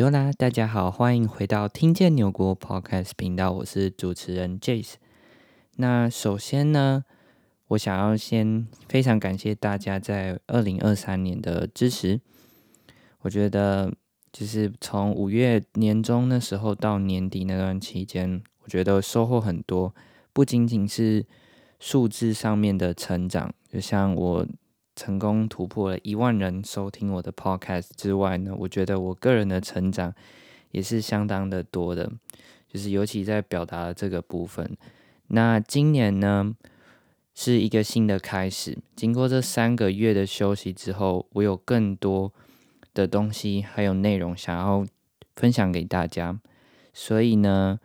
有啦，大家好，歡迎回到聽見紐國 Podcast 頻道，我是主持人 Jace。那首先呢，我想要先非常感謝大家在二零二三年的支持。我覺得就是從五月年中那時候到年底那段期間，我覺得收穫很多，不僅僅是數字上面的成長，就像我。成功突破了一萬人收聽我的 podcast 之外呢，我覺得我個人的成長也是相當的多的，就是尤其在表達的這個部分。那今年呢是一個新的開始，經過這三個月的休息之後，我有更多的東西還有內容想要分享給大家，所以呢，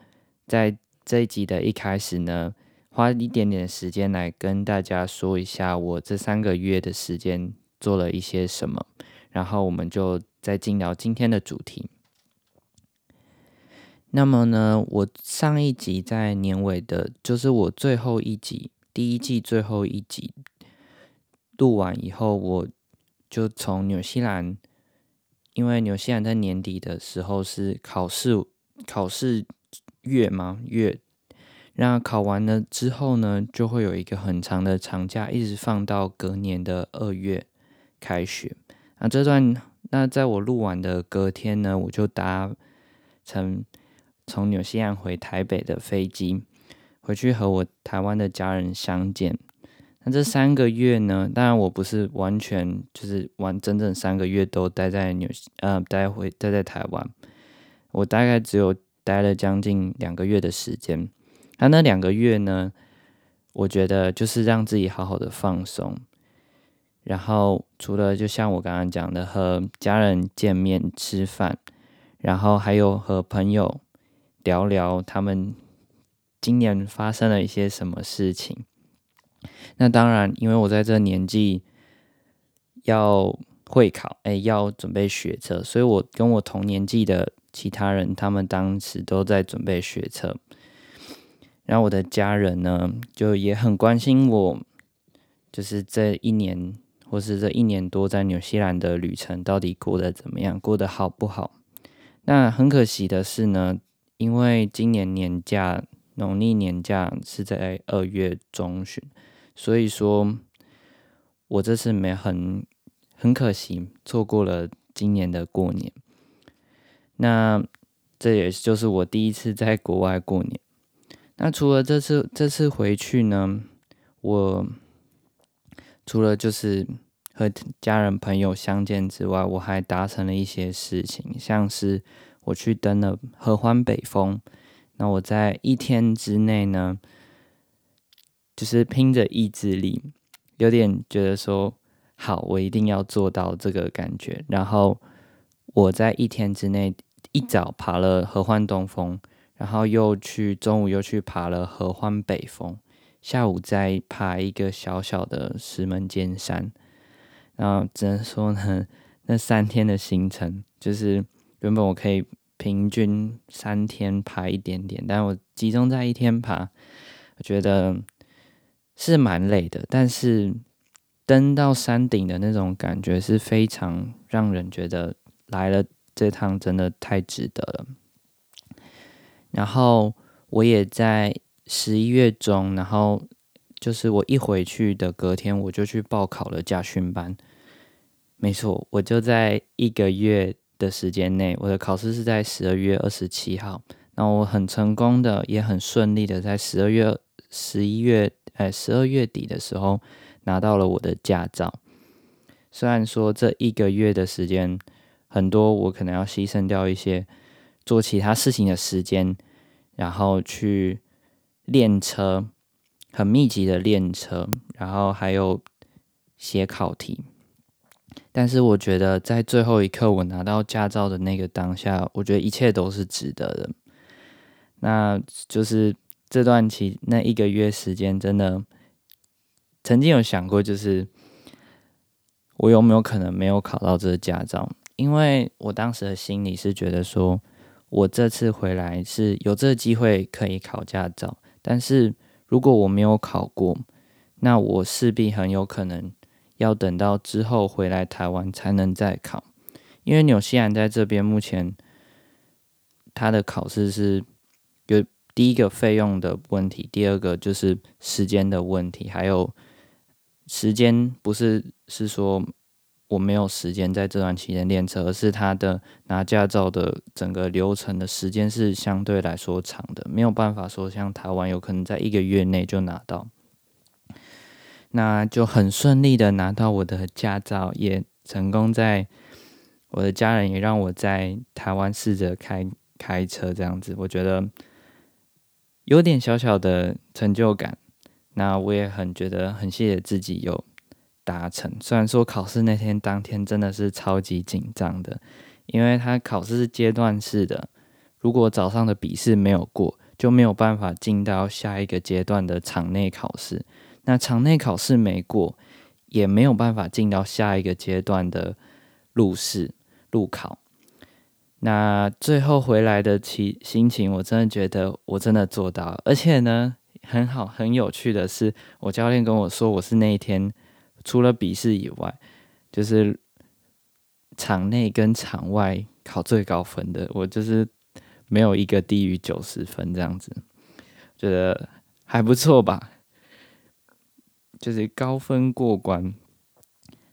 在這一集的一開始呢。花一點點時間來跟大家說一下我這三個月的時間做了一些什麼，然後我們就再進到今天的主題。那麼呢，我上一集在年尾的，就是我最後一集第一季最後一集錄完以後，我就從紐西蘭，因為紐西蘭在年底的時候是考試考試月嘛，月。那考完了之後呢，就會有一個很長的長假，一直放到隔年的二月開學。那這段，那在我錄完的隔天呢，我就搭乘從紐西蘭回台北的飛機，回去和我台灣的家人相見。那這三個月呢，當然我不是完全就是完，整整三個月都待在紐西，呃，待回待在台灣，我大概只有待了將近兩個月的時間。那那兩個月呢，我覺得就是讓自己好好的放鬆。然後除了就像我剛剛講的，和家人見面吃飯，然後還有和朋友聊聊他們今年發生了一些什麼事情。那當然，因為我在這年紀要會考，哎，要準備學車，所以我跟我同年紀的其他人，他們當時都在準備學車。然後我的家人呢，就也很關心我，就是這一年或是這一年多在紐西蘭的旅程到底過得怎麼樣，過得好不好？那很可惜的是呢，因為今年年假農曆年假是在二月中旬，所以說，我這次沒很很可惜，錯過了今年的過年。那這也就是我第一次在國外過年。那除了這次這次回去呢，我除了就是和家人朋友相見之外，我還達成了一些事情，像是我去登了合歡北峰。那我在一天之內呢，就是拼着意志力，有點覺得說，好，我一定要做到這個感覺。然後我在一天之內一早爬了合歡東峰。然後又去，中午又去爬了合歡北峰，下午再爬一個小小的石門尖山。然後只能說呢，那三天的行程就是原本我可以平均三天爬一點點，但我集中在一天爬，我覺得是蠻累的。但是登到山頂的那種感覺是非常讓人覺得來了這趟真的太值得了。然後我也在十一月中，然後就是我一回去的隔天，我就去報考了駕訓班。沒錯，我就在一個月的時間內，我的考試是在十二月二十七號。那我很成功的，也很順利的，在十二月、十一月、哎，十二月底的時候拿到了我的駕照。雖然說這一個月的時間，很多我可能要犧牲掉一些。做其他事情的時間，然後去練車，很密集的練車，然後還有寫考題。但是我覺得，在最後一刻我拿到駕照的那個當下，我覺得一切都是值得的。那就是這段期那一個月時間，真的曾經有想過，就是我有沒有可能沒有考到這個駕照？因為我當時的心裡是覺得說。我這次回來是有這個機會可以考駕照，但是如果我沒有考過，那我勢必很有可能要等到之後回來台灣才能再考。因為紐西蘭在這邊目前他的考試是有第一個費用的問題，第二個就是時間的問題，還有時間不是是說。我沒有時間在這段期間練車，而是他的拿駕照的整個流程的時間是相對來說長的，沒有辦法說像台灣有可能在一個月內就拿到。那就很順利的拿到我的駕照，也成功在我的家人也讓我在台灣試着開開車這樣子，我覺得有點小小的成就感。那我也很覺得很謝謝自己有。達成。雖然說考試那天當天真的是超級緊張的，因為他考試是階段式的，如果早上的筆試沒有過，就沒有辦法進到下一個階段的場內考試。那場內考試沒過，也沒有辦法進到下一個階段的路試、路考。那最後回來的心情，我真的覺得我真的做到了，而且呢，很好，很有趣的是，我教練跟我說，我是那一天。除了筆試以外，就是場內跟場外考最高分的，我就是沒有一個低於九十分這樣子，覺得還不錯吧。就是高分過關。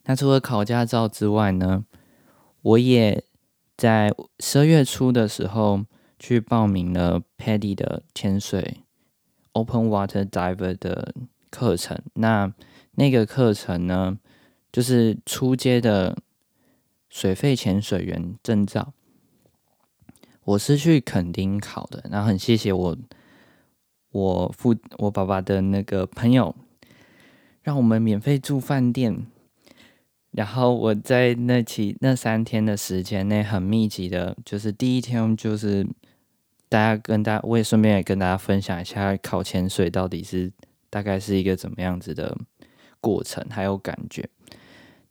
那除了考駕照之外呢，我也在十二月初的時候去報名了 PADI 的潛水 Open Water Diver 的課程。那那個課程呢，就是初階的水肺潛水員證照，我是去墾丁考的。然後很謝謝我我父我爸爸的那個朋友，讓我們免費住飯店。然後我在那期那三天的時間內，很密集的，就是第一天就是大家跟大家，我也順便也跟大家分享一下考潛水到底是大概是一個怎麼樣子的。過程還有感覺。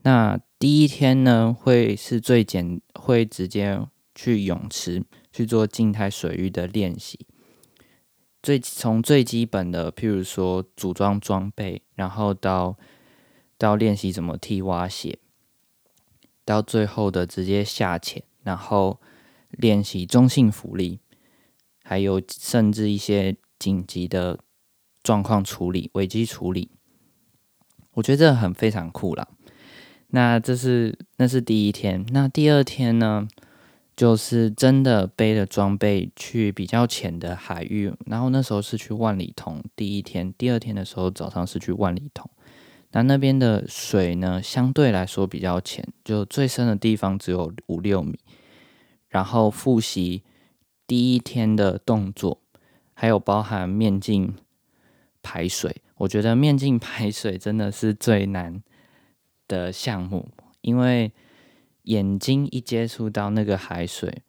那第一天呢，會是最簡，會直接去泳池去做靜態水域的練習。最從最基本的，譬如說組裝裝備，然後到到練習怎麼踢蛙鞋，到最後的直接下潛，然後練習中性浮力，還有甚至一些緊急的狀況處理、危機處理。我覺得很非常酷啦。那這是那是第一天，那第二天呢，就是真的背着裝備去比較淺的海域，然後那時候是去萬里桐。第一天、第二天的時候，早上是去萬里桐。那那邊的水呢，相對來說比較淺，就最深的地方只有五六米。然後複習第一天的動作，還有包含面鏡。排水，我覺得面鏡排水真的是最難的項目，因為眼睛一接觸到那個海水，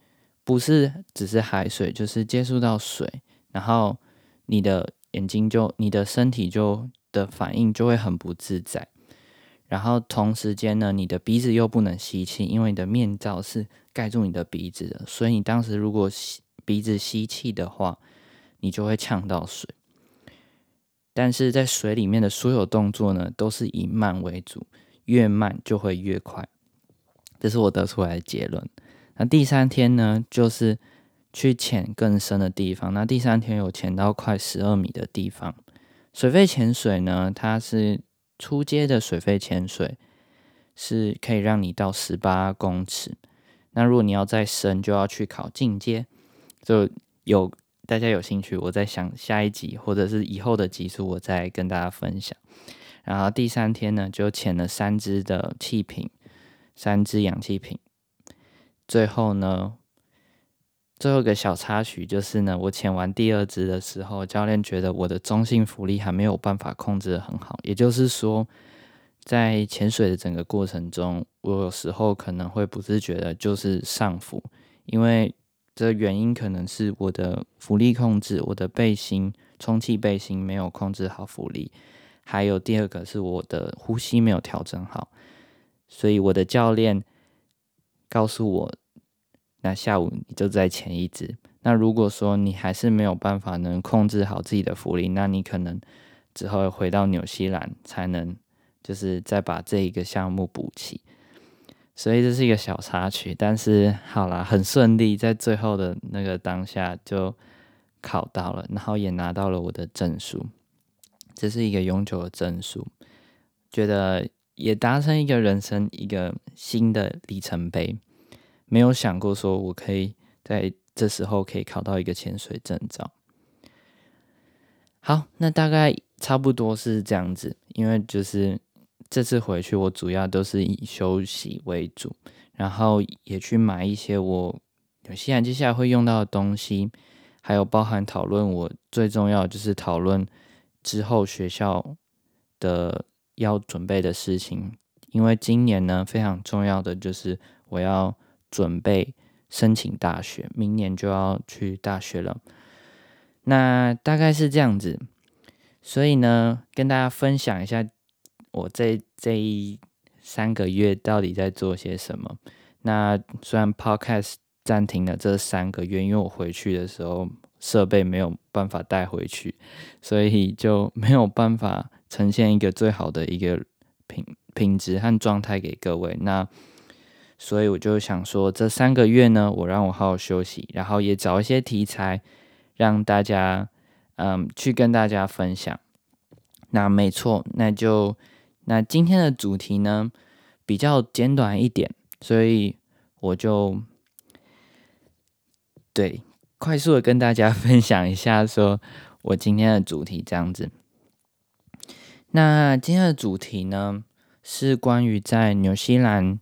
不是只是海水，就是接觸到水，然後你的眼睛就，你的身體就的反應就會很不自在。然後同時間呢，你的鼻子又不能吸氣，因為你的面罩是蓋住你的鼻子的，所以你當時如果吸鼻子吸氣的話，你就會嗆到水。但是在水裡面的所有動作呢，都是以慢為主，越慢就會越快，這是我得出來的結論。那第三天呢，就是去潛更深的地方。那第三天有潛到快十二米的地方。水肺潛水呢，它是初階的水肺潛水，是可以讓你到十八公尺。那如果你要再深，就要去考進階，就有。大家有興趣，我再想下一集或者是以後的集數，我再跟大家分享。然後第三天呢，就潛了三支的氣瓶，三支氧氣瓶。最後呢，最後一個小插曲就是呢，我潛完第二支的時候，教練覺得我的中性浮力還沒有辦法控制得很好，也就是說，在潛水的整個過程中，我有時候可能會不自覺的就是上浮，因為。這原因可能是我的浮力控制，我的背心充氣背心沒有控制好浮力，還有第二個是我的呼吸沒有調整好，所以我的教練告訴我，那下午你就在前一支。那如果說你還是沒有辦法能控制好自己的浮力，那你可能只好回到紐西蘭才能，就是再把這一個項目補齊。所以這是一個小插曲，但是好啦，很順利，在最後的那個當下就考到了，然後也拿到了我的證書，這是一個永久的證書，覺得也達成一個人生一個新的里程碑，沒有想過說我可以在這時候可以考到一個潛水證照。好，那大概差不多是這樣子，因為就是。這次回去，我主要都是以休息為主，然後也去買一些我有些接下來會用到的東西，還有包含討論，我最重要就是討論之後學校的要準備的事情，因為今年呢，非常重要的就是我要準備申請大學，明年就要去大學了，那大概是這樣子，所以呢，跟大家分享一下。我這這一三個月到底在做些什麼？那雖然 Podcast 暫停了這三個月，因為我回去的時候設備沒有辦法帶回去，所以就沒有辦法呈現一個最好的一個品品質和狀態給各位。那所以我就想說，這三個月呢，我讓我好好休息，然後也找一些題材讓大家嗯去跟大家分享。那沒錯，那就。那今天的主題呢比較簡短一點，所以我就對快速的跟大家分享一下，說我今天的主題這樣子。那今天的主題呢是關於在紐西蘭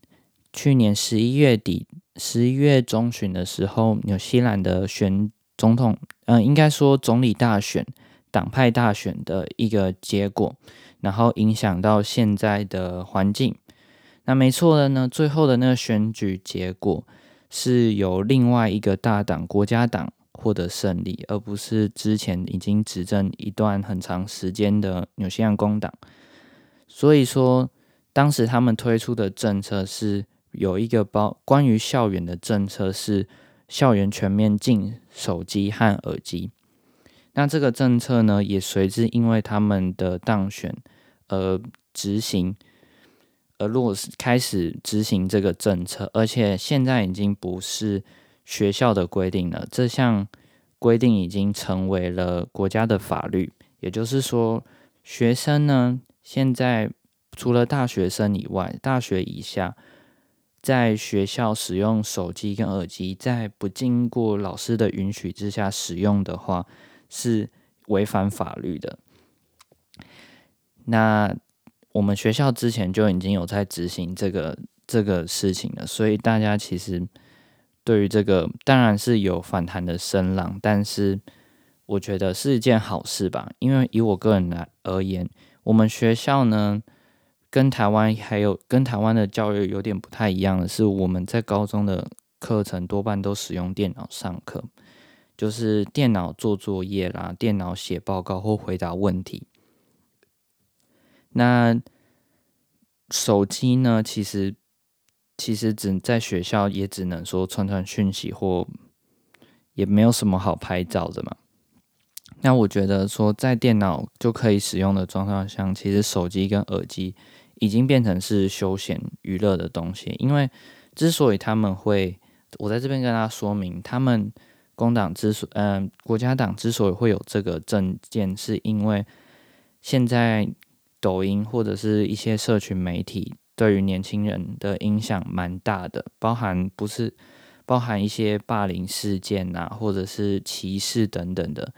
去年十一月底、十一月中旬的時候，紐西蘭的選總統，嗯、呃，應該說總理大選、黨派大選的一個結果。然後影響到現在的環境。那沒錯了呢，最後的那個選舉結果是由另外一個大黨——國家黨——獲得勝利，而不是之前已經執政一段很長時間的紐西蘭工黨。所以說，當時他們推出的政策是有一個包關於校園的政策，是校園全面禁手機和耳機。那這個政策呢，也隨之因為他們的當選。而執行，而落實開始執行這個政策，而且現在已經不是學校的規定了，這項規定已經成為了國家的法律。也就是說，學生呢，現在除了大學生以外，大學以下，在學校使用手機跟耳機，在不經過老師的允許之下使用的話，是違反法律的。那我們學校之前就已經有在執行這個這個事情了，所以大家其實對於這個當然是有反彈的聲浪，但是我覺得是一件好事吧。因為以我個人來而言，我們學校呢，跟台灣還有跟台灣的教育有點不太一樣的是，我們在高中的課程多半都使用電腦上課，就是電腦做作業啦，電腦寫報告或回答問題。那手機呢？其實其實只在學校也只能說傳傳訊息，或也沒有什麼好拍照的嘛。那我覺得說在電腦就可以使用的裝況下，其實手機跟耳機已經變成是休閒娛樂的東西。因為之所以他們會，我在這邊跟大家說明，他們工黨之所以，嗯、呃，國家黨之所以會有這個政見，是因為現在。抖音或者是一些社群媒體，對於年輕人的影響蠻大的，包含不是包含一些霸凌事件啊，或者是歧視等等的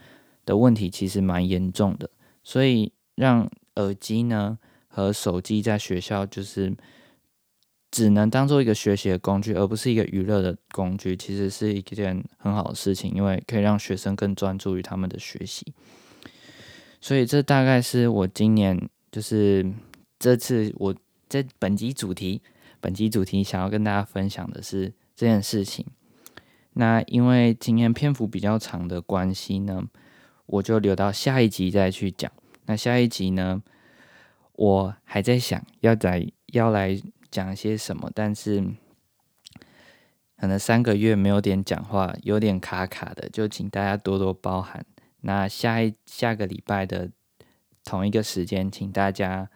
的問題，其實蠻嚴重的。所以讓耳機呢和手機在學校就是只能當做一個學習的工具，而不是一個娛樂的工具，其實是一件很好的事情，因為可以讓學生更專注於他們的學習。所以這大概是我今年。就是這次我在本集主題，本集主題想要跟大家分享的是這件事情。那因為今天篇幅比較長的關係呢，我就留到下一集再去講。那下一集呢，我還在想要在要來講些什麼，但是可能三個月沒有點講話，有點卡卡的，就請大家多多包涵。那下一下個禮拜的。同一個時間，請大家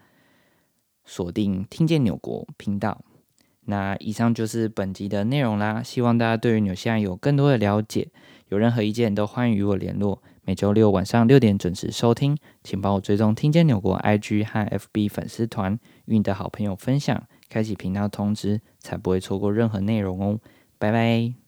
鎖定“聽見紐國”頻道。那以上就是本集的內容啦。希望大家對於紐西蘭有更多的了解，有任何意見都歡迎與我聯絡。每周六晚上六點準時收聽，請幫我追蹤“聽見紐國 ”IG 和 FB 粉絲團，與你的好朋友分享，開啟頻道通知，才不會錯過任何內容哦。拜拜。